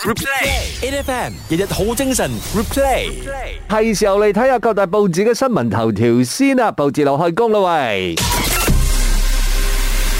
Replay，A F M 日日好精神。Replay 係時候嚟睇下各大報紙嘅新聞頭條先啦，報紙落開工啦喂。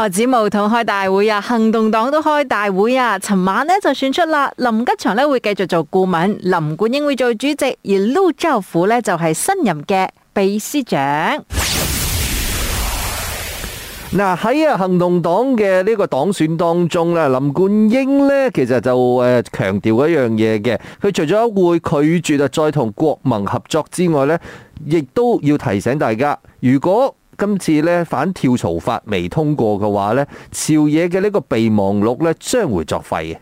唔止巫統開大會啊，行動黨都開大會啊。尋晚呢就選出啦，林吉祥呢會繼續做顧問，林冠英會做主席，而陸兆福呢就係新任嘅秘書長。嗱喺啊行動黨嘅呢個黨選當中呢，林冠英呢其實就誒強調一樣嘢嘅，佢除咗會拒絕啊再同國民合作之外呢，亦都要提醒大家，如果今次咧反跳槽法未通過嘅話咧，朝野嘅呢個備忘錄咧將會作廢嘅。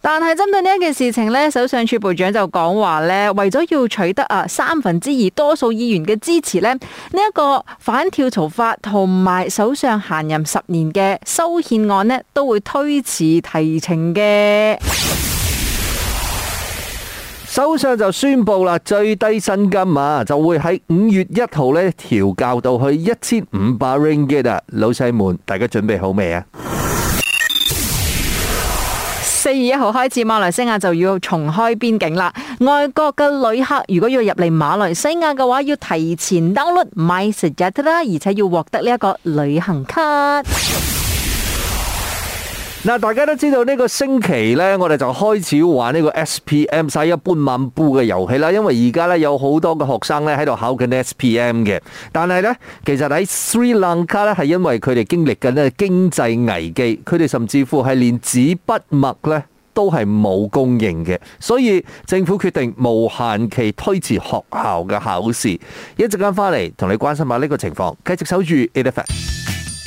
但係針對呢一件事情咧，首相署部長就講話咧，為咗要取得啊三分之二多數議員嘅支持咧，呢、這、一個反跳槽法同埋首相閒任十年嘅修憲案咧，都會推遲提呈嘅。首相就宣布啦，最低薪金啊，就會喺五月一號咧調校到去一千五百 ringgit 啦。老細們，大家準備好未啊？四月一號開始，馬來西亞就要重開邊境啦。外國嘅旅客如果要入嚟馬來西亞嘅話，要提前 download MySejahtera 啦，而且要獲得呢一個旅行卡。嗱，大家都知道呢個星期呢，我哋就開始玩呢個 S P M 晒一般漫步嘅遊戲啦。因為而家呢，有好多嘅學生呢喺度考緊 S P M 嘅，但係呢，其實喺 Sri Lanka 呢，係因為佢哋經歷緊呢經濟危機，佢哋甚至乎係連紙筆墨呢都係冇供應嘅，所以政府決定無限期推遲學校嘅考試。一陣間翻嚟同你關心下呢個情況，繼續守住 Ai FM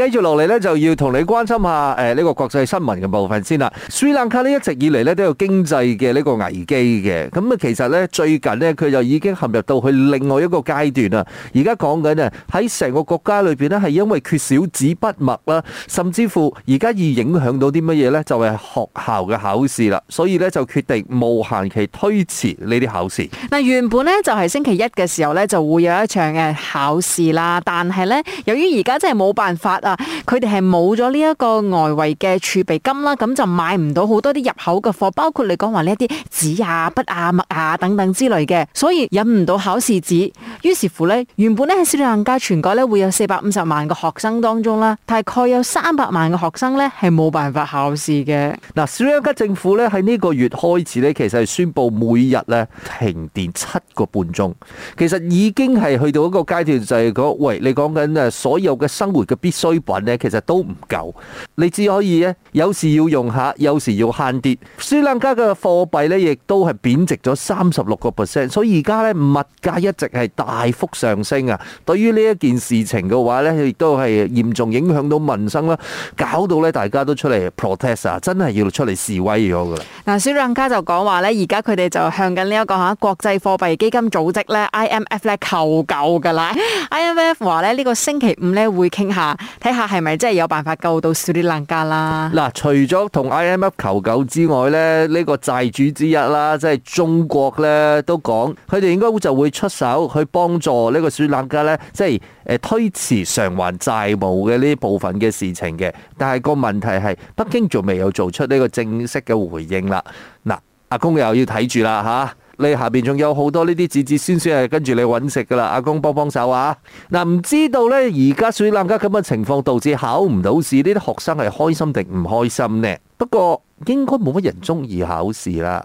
繼續落嚟咧，就要同你關心下誒呢個國際新聞嘅部分先啦。斯里蘭卡呢，一直以嚟咧，都有經濟嘅呢個危機嘅，咁啊其實呢，最近呢，佢就已經陷入到去另外一個階段啦。而家講緊呢，喺成個國家裏邊呢，係因為缺少紙筆墨啦，甚至乎而家已影響到啲乜嘢呢？就係學校嘅考試啦。所以呢，就決定無限期推遲呢啲考試。嗱，原本呢，就係星期一嘅時候呢，就會有一場嘅考試啦，但係呢，由於而家真係冇辦法佢哋係冇咗呢一個外圍嘅儲備金啦，咁就買唔到好多啲入口嘅貨，包括你講話呢一啲紙啊、筆啊、墨啊等等之類嘅，所以引唔到考試紙。於是乎呢，原本咧喺斯里蘭卡全國咧會有四百五十萬嘅學生當中啦，大概有三百萬嘅學生呢係冇辦法考試嘅。嗱，斯里蘭卡政府呢喺呢個月開始呢，其實係宣佈每日呢停電七個半鐘，其實已經係去到一個階段，就係、是、講，喂，你講緊誒所有嘅生活嘅必須。堆品咧，其實都唔夠，你只可以咧，有時要用下，有時要慳啲。斯里蘭卡嘅貨幣咧，亦都係貶值咗三十六個 percent，所以而家咧物價一直係大幅上升啊！對於呢一件事情嘅話咧，亦都係嚴重影響到民生啦，搞到咧大家都出嚟 protest 啊，真係要出嚟示威咗噶啦！嗱，斯里蘭卡就講話咧，而家佢哋就向緊呢一個嚇國際貨幣基金組織咧 （IMF） 咧求救㗎啦！IMF 話咧呢個星期五咧會傾下。睇下係咪真係有辦法救到斯里蘭卡啦？嗱，除咗同 IMF 求救之外咧，呢個債主之一啦，即係中國咧都講，佢哋應該就會出手去幫助呢個斯里蘭卡咧，即係誒推遲償還債務嘅呢部分嘅事情嘅。但係個問題係，北京仲未有做出呢個正式嘅回應啦。嗱、啊，阿公又要睇住啦吓。你下邊仲有好多呢啲子子孫孫係跟住你揾食噶啦，阿公幫幫手啊！嗱、啊，唔知道呢而家水冷家咁嘅情況導致考唔到試，呢啲學生係開心定唔開心呢？不過應該冇乜人中意考試啦。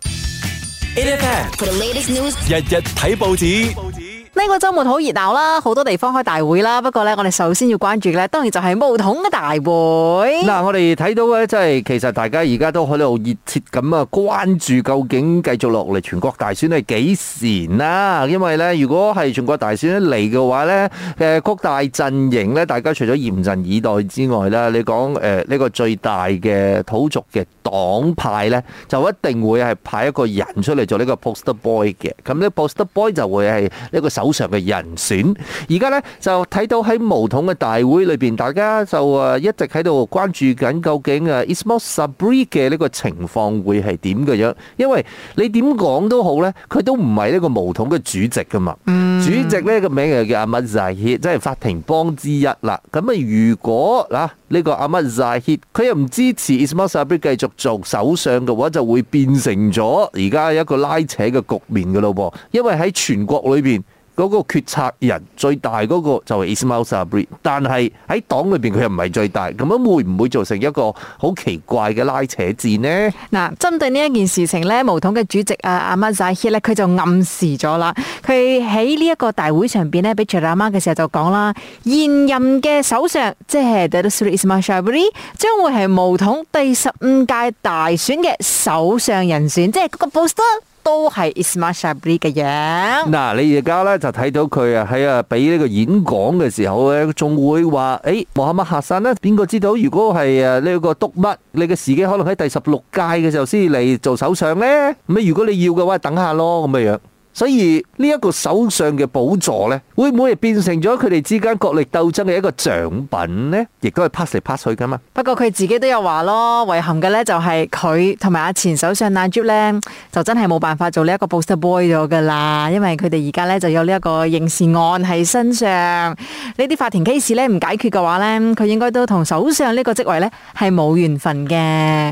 Japan, news, 日日睇報紙。日日呢個周末好熱鬧啦，好多地方開大會啦。不過呢，我哋首先要關注嘅呢，當然就係巫統嘅大會。嗱，我哋睇到呢，即係其實大家而家都喺度熱切咁啊關注，究竟繼續落嚟全國大選係幾時啦？因為呢，如果係全國大選嚟嘅話呢，誒，各大陣營呢，大家除咗嚴陣以待之外啦，你講誒呢個最大嘅土族嘅黨派呢，就一定會係派一個人出嚟做呢個 poster boy 嘅。咁呢 poster boy 就會係呢個首。手上嘅人選，而家呢就睇到喺巫統嘅大會裏邊，大家就一直喺度關注緊，究竟啊 Ismail Sabri 嘅呢個情況會係點嘅樣？因為你點講都好呢，佢都唔係呢個巫統嘅主席噶嘛。主席呢個名又叫阿 Mad Zahid 即係法庭幫之一啦。咁啊，如果嗱呢個阿 Mad Zahid 佢又唔支持 Ismail Sabri 繼續做首相嘅話，就會變成咗而家一個拉扯嘅局面嘅咯，因為喺全國裏邊。嗰個決策人最大嗰個就係 Ismail Sabri，但係喺黨裏面，佢又唔係最大，咁樣會唔會造成一個好奇怪嘅拉扯戰呢？嗱，針對呢一件事情咧，巫統嘅主席啊阿乜仔，佢咧佢就暗示咗啦，佢喺呢一個大會上邊咧，俾住阿乜嘅時候就講啦，現任嘅首相即係 Datuk Seri Ismail Sabri 將會係巫統第十五屆大選嘅首相人選，即係嗰個布什。都係 Ismail Sabri 嘅樣。嗱，你而家咧就睇到佢啊喺啊俾呢個演講嘅時候咧，仲會話誒，我啱乜客神呢？邊個知道？如果係誒呢個督乜，你嘅時機可能喺第十六屆嘅時候先嚟做首相咧。咁如果你要嘅話，等下咯咁嘅樣。所以呢一個首相嘅寶座咧，會唔會變成咗佢哋之間角力鬥爭嘅一個獎品咧？亦都係拍嚟拍去噶嘛。不過佢自己都有話咯，遺憾嘅咧就係佢同埋阿前首相納吉咧，就真係冇辦法做呢一個 booster boy 咗噶啦。因為佢哋而家咧就有呢一個刑事案喺身上，呢啲法庭 case 咧唔解決嘅話咧，佢應該都同首相呢個職位咧係冇緣分嘅。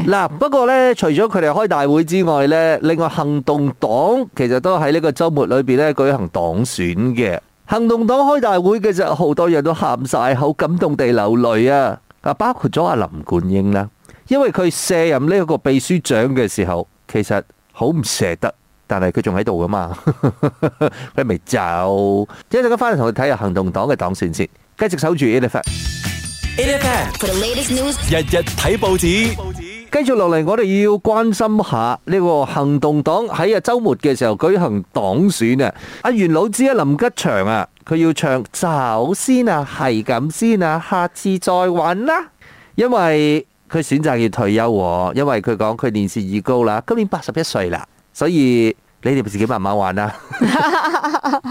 嗱、啊，不過咧，除咗佢哋開大會之外咧，另外行動黨其實都喺呢、這個。周末裏邊咧舉行黨選嘅行動黨開大會嘅時候，好多人都喊晒，好感動地流淚啊！啊，包括咗阿林冠英啦，因為佢卸任呢個秘書長嘅時候，其實好唔捨得，但係佢仲喺度噶嘛，佢咪走。一陣間翻嚟同你睇下行動黨嘅黨選先，繼續守住《Elephant》，Elephant for the latest news，日日睇報紙。繼續落嚟，我哋要關心下呢個行動黨喺啊周末嘅時候舉行黨選啊！阿元老知啊，林吉祥啊，佢要唱走先啊，係咁先啊，下次再揾啦，因為佢選擇要退休，因為佢講佢年事已高啦，今年八十一歲啦，所以。你哋自己慢慢玩啦，啊。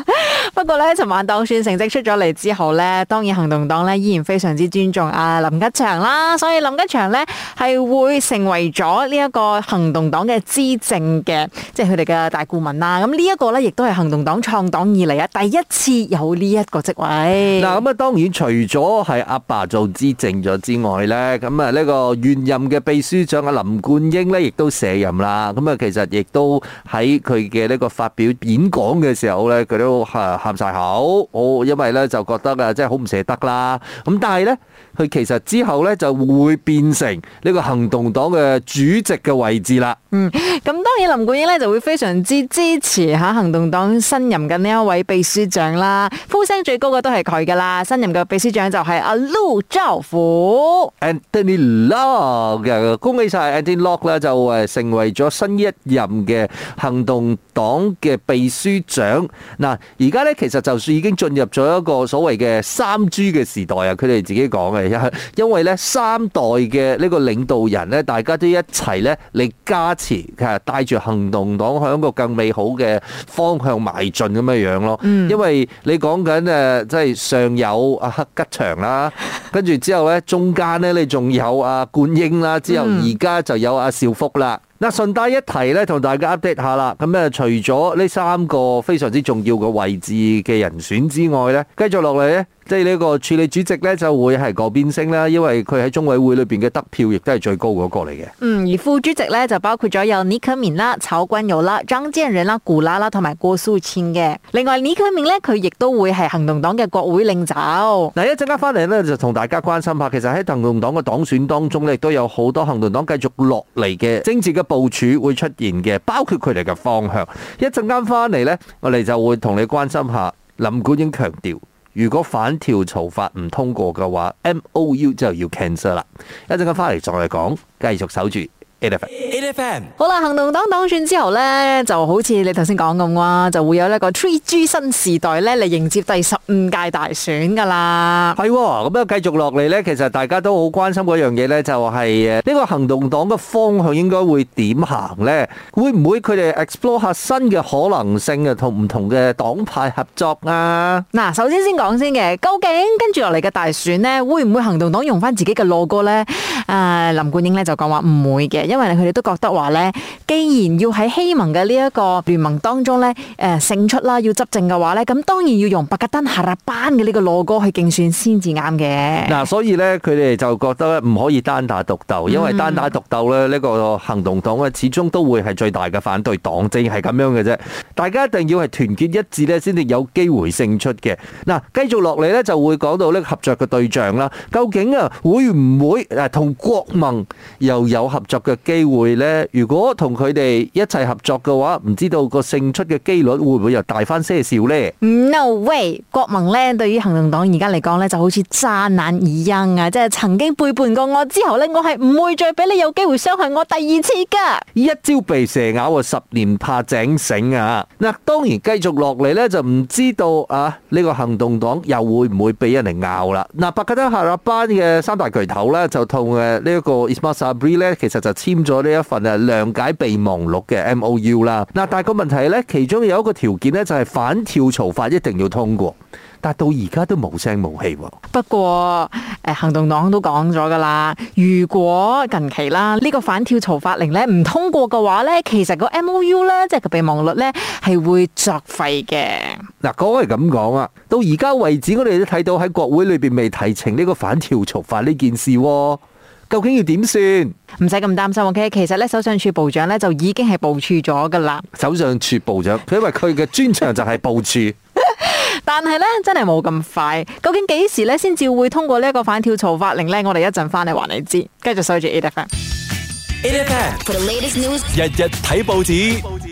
不過呢，尋晚當選成績出咗嚟之後呢，當然行動黨呢依然非常之尊重阿林吉祥啦。所以林吉祥呢係會成為咗呢一個行動黨嘅資政嘅，即係佢哋嘅大顧問啦。咁呢一個呢，亦都係行動黨創黨以嚟啊第一次有呢一個職位。嗱咁啊，當然除咗係阿爸做資政咗之外呢，咁啊呢個現任嘅秘書長阿林冠英呢，亦都卸任啦。咁啊，其實亦都喺佢。嘅呢個發表演講嘅時候，呢佢都喊曬口，我因為呢就覺得啊，真係好唔捨得啦。咁但係呢。佢其實之後咧就會變成呢個行動黨嘅主席嘅位置啦。嗯，咁當然林冠英咧就會非常之支持吓行動黨新任嘅呢一位秘書長啦。呼聲最高嘅都係佢噶啦，新任嘅秘書長就係阿陸兆福 Anthony Loke 嘅。恭喜晒 Anthony Loke 咧就誒成為咗新一任嘅行動黨嘅秘書長。嗱，而家咧其實就算已經進入咗一個所謂嘅三 G 嘅時代啊，佢哋自己講嘅。因為咧三代嘅呢個領導人咧，大家都一齊咧你加持，嚇帶住行動黨向一個更美好嘅方向邁進咁樣咯。因為你講緊誒，即係上有阿黑吉祥啦，跟住之後咧，中間咧你仲有阿冠英啦，之後而家就有阿兆福啦。嗱，順帶一提咧，同大家 update 下啦。咁誒，除咗呢三個非常之重要嘅位置嘅人選之外咧，繼續落嚟咧，即係呢個署理主席咧就會係哥賓星啦，因為佢喺中委會裏邊嘅得票亦都係最高嗰個嚟嘅。嗯，而副主席咧就包括咗有 n i k 倪可敏啦、曹觀友啦、張健仁啦、古拉啦同埋郭素沁嘅。另外，倪可敏咧佢亦都會係行動黨嘅國會領袖。嗱，一陣間返嚟咧就同大家關心下，其實喺行動黨嘅黨選當中咧，亦都有好多行動黨繼續落嚟嘅政治嘅。部署會出現嘅，包括佢哋嘅方向。一陣間翻嚟呢，我哋就會同你關心下。林冠英強調，如果反跳槽法唔通過嘅話，MOU 就要 cancel 啦。一陣間翻嚟再講，繼續守住。好啦，行動黨當選之後呢，就好似你頭先講咁哇，就會有一個 Three G 新時代呢嚟，迎接第十五屆大選噶啦。係、嗯，咁啊繼續落嚟呢，其實大家都好關心嗰樣嘢呢就係誒，呢個行動黨嘅方向應該會點行呢？會唔會佢哋 explore 下新嘅可能性啊？同唔同嘅黨派合作啊？嗱，首先先講先嘅，究竟跟住落嚟嘅大選呢會唔會行動黨用翻自己嘅 logo 呢？誒、呃，林冠英咧就講話唔會嘅。因為佢哋都覺得話呢，既然要喺希盟嘅呢一個聯盟當中呢，誒、呃、勝出啦，要執政嘅話呢，咁當然要用白格登、哈立班嘅呢個 logo 去競選先至啱嘅。嗱，所以呢，佢哋就覺得唔可以單打獨鬥，因為單打獨鬥咧，呢個行動黨啊，始終都會係最大嘅反對黨，正係咁樣嘅啫。大家一定要係團結一致呢，先至有機會勝出嘅。嗱、啊，繼續落嚟呢就會講到呢，合作嘅對象啦。究竟啊，會唔會同國盟又有合作嘅？機會呢，如果同佢哋一齊合作嘅話，唔知道個勝出嘅機率會唔會又大翻些少呢？No way！國盟呢對於行動黨而家嚟講呢，就好似渣男一樣啊！即係曾經背叛過我之後呢，我係唔會再俾你有機會傷害我第二次㗎！一朝被蛇咬，十年怕井繩啊！嗱，當然繼續落嚟呢，就唔知道啊呢個行動黨又會唔會俾人哋咬啦？嗱、啊，巴格達赫拉班嘅三大巨頭呢，就同誒呢一個 Ismail Sabri 其實就簽咗呢一份誒諒解備忘錄嘅 M O U 啦，嗱，但係個問題呢，其中有一個條件呢，就係反跳槽法一定要通過，但到而家都無聲無氣。不過誒，行動黨都講咗噶啦，如果近期啦呢個反跳槽法令呢唔通過嘅話呢，其實個 M O U 呢，即係個備忘錄呢，係會作廢嘅。嗱，講係咁講啊，到而家為止，我哋都睇到喺國會裏邊未提呈呢個反跳槽法呢件事。究竟要點算？唔使咁擔心，OK。其實咧，首相處部長咧就已經係部署咗噶啦。首相處部長，佢因為佢嘅專長 就係部署。 但係咧，真係冇咁快。究竟幾時咧先至會通過呢一個反跳槽法令咧？我哋一陣翻嚟話你知。繼續收住 ATFAT，ATFAT。A da, news. 日日睇報紙。報紙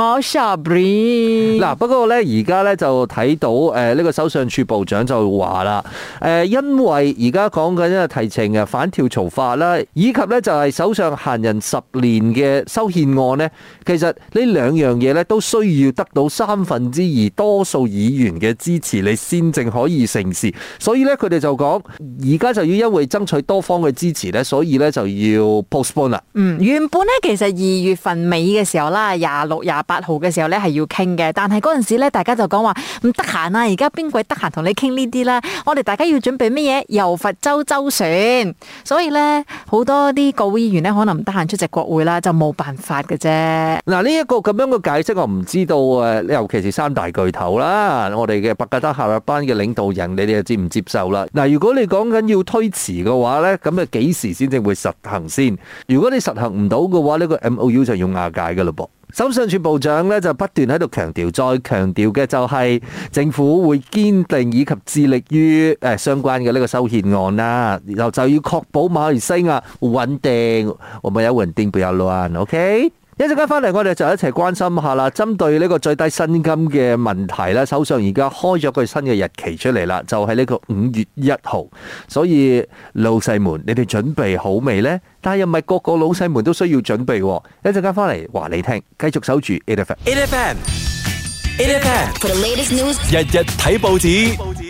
我嗱 啊，不過呢，而家呢就睇到誒，呢、呃這個首相署部長就話啦，誒、呃，因為而家講緊嘅提呈嘅反跳槽法啦，以及呢就係首相限人十年嘅修憲案呢。」其實兩呢兩樣嘢呢都需要得到三分之二多數議員嘅支持，你先至可以成事。所以呢，佢哋就講，而家就要因為爭取多方嘅支持呢，所以呢就要 postpone 啦。嗯，原本呢，其實二月份尾嘅時候啦，廿六、廿八。八號嘅時候咧係要傾嘅，但係嗰陣時咧大家就講話唔得閒啊！而家邊鬼得閒同你傾呢啲啦？我哋大家要準備乜嘢？柔佛州州選，所以咧好多啲國會議員咧可能唔得閒出席國會啦，就冇辦法嘅啫。嗱，呢一個咁樣嘅解釋，我唔知道誒，尤其是三大巨頭啦，我哋嘅白格德哈立班嘅領導人，你哋又接唔接受啦？嗱，如果你講緊要推遲嘅話咧，咁啊幾時先至會實行先？如果你實行唔到嘅話，呢、這個 M O U 就要瓦解嘅嘞噃。首相署部長咧就不斷喺度強調，再強調嘅就係政府會堅定以及致力於誒相關嘅呢個修憲案啦，然後就要確保馬來西亞穩定，我冇有穩定不有，不要亂，OK。一陣間翻嚟，我哋就一齊關心下啦。針對呢個最低薪金嘅問題咧，首相而家開咗個新嘅日期出嚟啦，就係呢個五月一號。所以老細們，你哋準備好未呢？但係又唔係個個老細們都需要準備。一陣間翻嚟話你聽，繼續守住《AiFM》，AiFM，AiFM，For the latest news，日日睇報紙。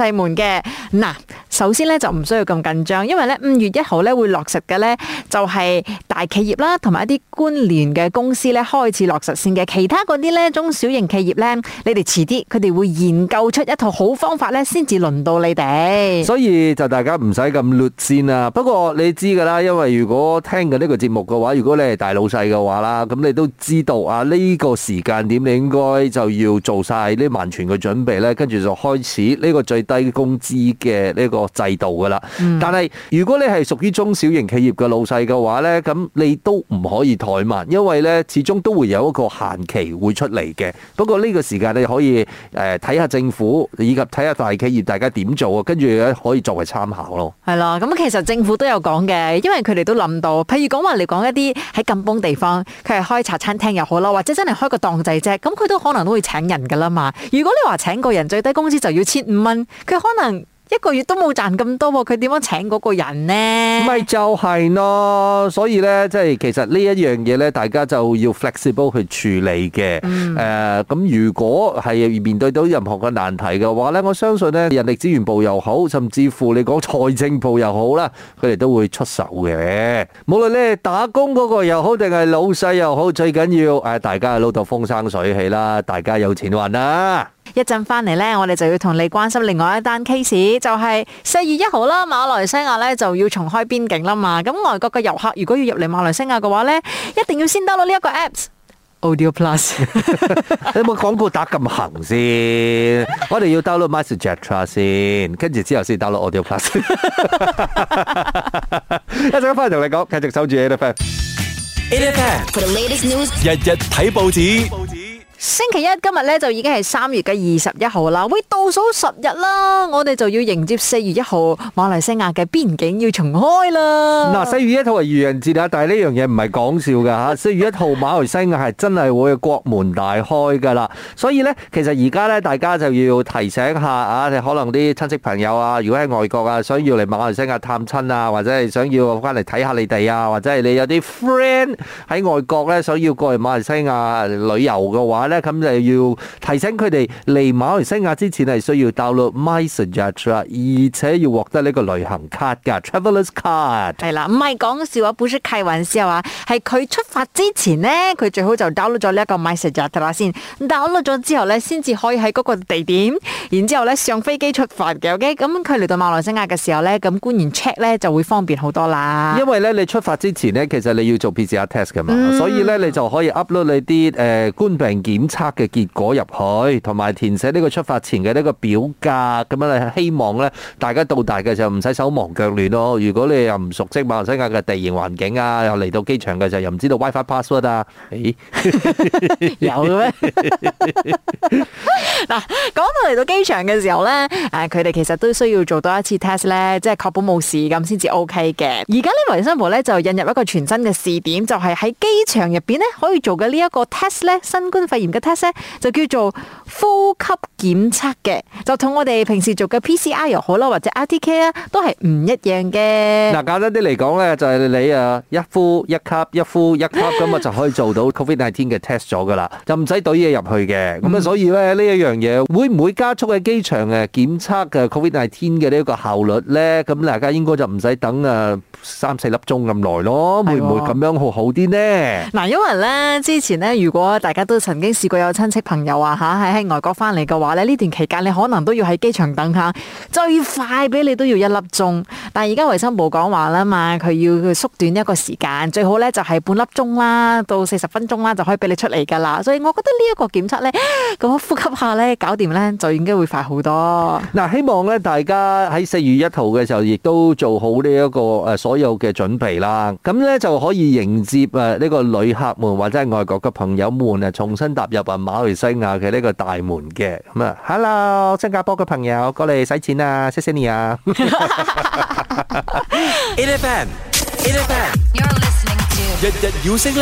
門嘅嗱，首先咧就唔需要咁緊張，因為咧五月一號咧會落實嘅咧就係大企業啦，同埋一啲官聯嘅公司咧開始落實先嘅，其他嗰啲咧中小型企業咧，你哋遲啲，佢哋會研究出一套好方法咧，先至輪到你哋。所以就大家唔使咁劣先啦。不過你知噶啦，因為如果聽緊呢個節目嘅話，如果你係大老細嘅話啦，咁你都知道啊呢個時間點你應該就要做晒呢，完全嘅準備咧，跟住就開始呢個最低工資嘅呢個制度噶啦，但係如果你係屬於中小型企業嘅老細嘅話呢，咁你都唔可以怠慢，因為呢始終都會有一個限期會出嚟嘅。不過呢個時間你可以誒睇下政府以及睇下大企業大家點做啊，跟住可以作為參考咯。係啦，咁其實政府都有講嘅，因為佢哋都諗到，譬如講話你講一啲喺禁崩地方，佢係開茶餐廳又好啦，或者真係開個檔仔啫，咁佢都可能都會請人噶啦嘛。如果你話請個人最低工資就要千五蚊。佢可能一個月都冇賺咁多，佢點樣請嗰個人呢？咪就係咯，所以呢，即係其實呢一樣嘢呢，大家就要 flexible 去處理嘅。咁、嗯呃、如果係面對到任何嘅難題嘅話呢，我相信呢，人力資源部又好，甚至乎你講財政部又好啦，佢哋都會出手嘅。無論咧打工嗰個又好，定係老細又好，最緊要誒，大家撈到風生水起啦，大家有錢運啦。一陣翻嚟咧，我哋就要同你關心另外一單 case，就係、是、四月一號啦，馬來西亞咧就要重開邊境啦嘛。咁外國嘅遊客如果要入嚟馬來西亞嘅話咧，一定要先 download 呢一個 apps，Audio Plus。 你有冇廣告打咁行先？ 我哋要 download MySejahtera 先，跟住之後先 download Audio Plus。一陣翻嚟同你講，繼續守住 Ai FM，Ai FM，for the latest news，日日睇報紙。報紙星期一今日咧就已經係三月嘅二十一號啦，喂，倒數十日啦，我哋就要迎接四月一號馬來西亞嘅邊境要重開啦。嗱，四月一號係愚人節啊，但係呢樣嘢唔係講笑嘅吓，四月一號馬來西亞係真係會國門大開噶啦，所以咧其實而家咧大家就要提醒下啊，可能啲親戚朋友啊，如果喺外國啊，想要嚟馬來西亞探親啊，或者係想要翻嚟睇下你哋啊，或者係你有啲 friend 喺外國咧，想要過嚟馬來西亞旅遊嘅話。咁就要提醒佢哋嚟馬來西亞之前係需要 download MySejahtera，而且要獲得呢個旅行卡嘅 travelers card。係啦，唔係講笑話，本書契運先係話係佢出發之前咧，佢最好就 download 咗呢一個 MySejahtera 先，download 咗之後咧，先至可以喺嗰個地點，然之後咧上飛機出發嘅。OK，咁佢嚟到馬來西亞嘅時候咧，咁官員 check 咧就會方便好多啦。因為咧你出發之前咧，其實你要做 PCR test 嘅嘛，嗯、所以咧你就可以 upload 你啲誒、呃、官病件。檢測嘅結果入去，同埋填寫呢個出發前嘅呢個表格咁樣咧，希望咧大家到達嘅時候唔使手忙腳亂咯。如果你又唔熟悉馬來西亞嘅地形環境啊，又嚟到機場嘅時候又唔知道 WiFi password 啊，誒， 有嘅了咩嗎？嗱，講到嚟到機場嘅時候咧，誒，佢哋其實都需要做多一次 test 咧，即係確保冇事咁先至 OK 嘅。而家呢衛生部咧就引入一個全新嘅試點，就係喺機場入邊咧可以做嘅呢一個 test 咧，新冠肺炎。嘅 test 咧就叫做呼吸檢測嘅，就同我哋平時做嘅 P C R 又好啦，或者 R T K 啦，都係唔一樣嘅。嗱，簡單啲嚟講咧，就係你啊一呼一吸，一呼一吸，咁啊就可以做到 Covid nineteen 嘅 test 咗噶啦，就唔使懟嘢入去嘅。咁啊，所以咧呢一樣嘢會唔會加速喺機場誒檢測嘅 Covid nineteen 嘅呢一個效率咧？咁大家應該就唔使等啊三四粒鐘咁耐咯，會唔會咁樣好好啲咧？嗱，因為咧之前咧，如果大家都曾經試過有親戚朋友啊吓喺外國翻嚟嘅話咧，呢段期間你可能都要喺機場等下，最快俾你都要一粒鐘。但係而家衛生部講話啦嘛，佢要縮短一個時間，最好咧就係半粒鐘啦，到四十分鐘啦就可以俾你出嚟噶啦。所以我覺得呢一個檢測咧，咁呼吸下咧，搞掂咧就應該會快好多。嗱，希望咧大家喺四月一號嘅時候亦都做好呢一個誒所有嘅準備啦，咁咧就可以迎接誒呢個旅客們或者係外國嘅朋友們啊重新搭。入入馬來西亞嘅呢個大門嘅咁啊，Hello 新加坡嘅朋友，過嚟使錢啊，謝謝你啊！In FM，In FM，you're listening to，日日有聲咧。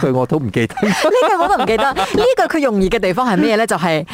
句 我都唔記得，我呢個我都唔記得。呢個佢容易嘅地方係咩咧？就係、係《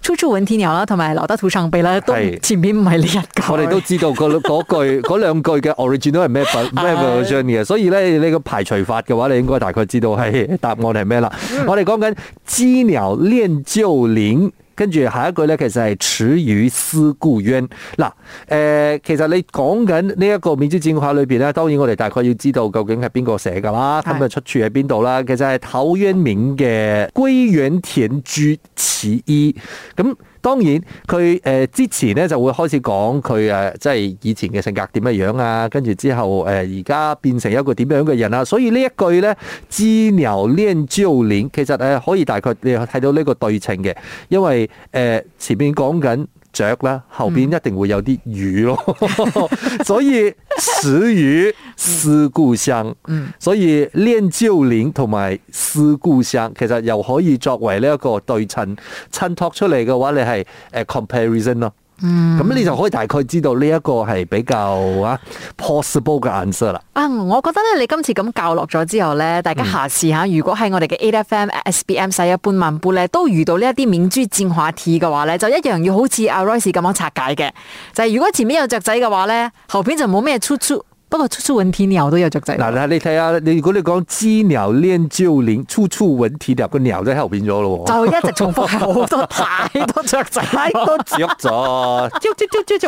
初初搵天鳥》啦，同埋《羅德土上臂》啦，都前面唔係呢一個。 我哋都知道嗰句嗰兩句嘅 original 係咩 version 嘅，所以咧呢個排除法嘅話，你應該大概知道係答案係咩啦。我哋講緊《知鳥練就靈》。跟住下一句呢，其實係「池魚思故淵」嗱，呃，其實你講緊呢一個《面書戰畫》裏面呢，當然我哋大概要知道究竟係邊個寫噶啦，咁嘅出處喺邊度啦？其實係陶淵明嘅《歸園田居其一》咁。當然，佢誒之前咧就會開始講佢誒，即係以前嘅性格點樣啊，跟住之後誒而家變成一個點樣嘅人啊。所以呢一句咧，「知牛念蕉年」，其實誒可以大概你睇到呢個對稱嘅，因為誒前面講緊，雀啦，後邊一定會有啲魚咯， 所以始於思故鄉， 所以念舊年同埋思故鄉，其實又可以作為呢一個對稱襯 托出嚟嘅話，你係誒 comparison 咯。嗯，咁你就可以大概知道呢一個係比較啊 possible 嘅 answer 啦。啊、嗯，我覺得咧，你今次咁教落咗之後咧，大家下次吓，如果喺我哋嘅 AFM SBM 使一般民撥咧，都遇到呢一啲免珠戰話 T 嘅話咧，就一樣要好似阿 Royce 咁樣拆解嘅。就係、是、如果前面有雀仔嘅話咧，後邊就冇咩出出。不過處處聞啼鳥都有雀仔。嗱，你睇下，你看看如果你講羈鳥戀舊林，處處聞啼鳥個鳥都喺後邊咗咯。就一直重複好很多 太多雀仔， 太多雀咗，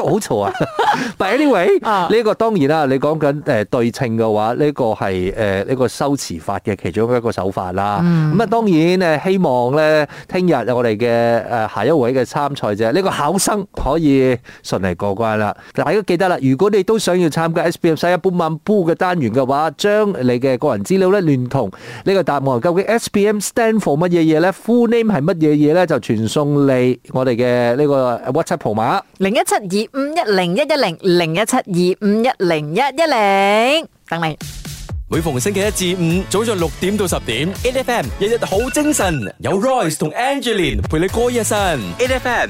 好嘈啊！But anyway，呢、啊、個當然啦，你講緊誒對稱嘅話，呢、這個係誒呢個修辭法嘅其中一個手法啦。咁啊、嗯，當然誒希望咧，聽日我哋嘅誒下一位嘅參賽者呢、這個考生，可以順利過關啦。大家都記得啦，如果你都想要參加 S B M C 一半萬 full 嘅單元嘅話，將你嘅個人資料咧連同呢個答案，究竟 SPM stand for 乜嘢嘢咧，full name 係乜嘢嘢咧，就傳送你我哋嘅呢個 WhatsApp 號碼零一七二五一零一一零零一七二五一零一一零等你。每逢星期一至五早上六點到十點，A F M 日日好精神，有 Royce 同 Angelina 陪你過一生，A F M。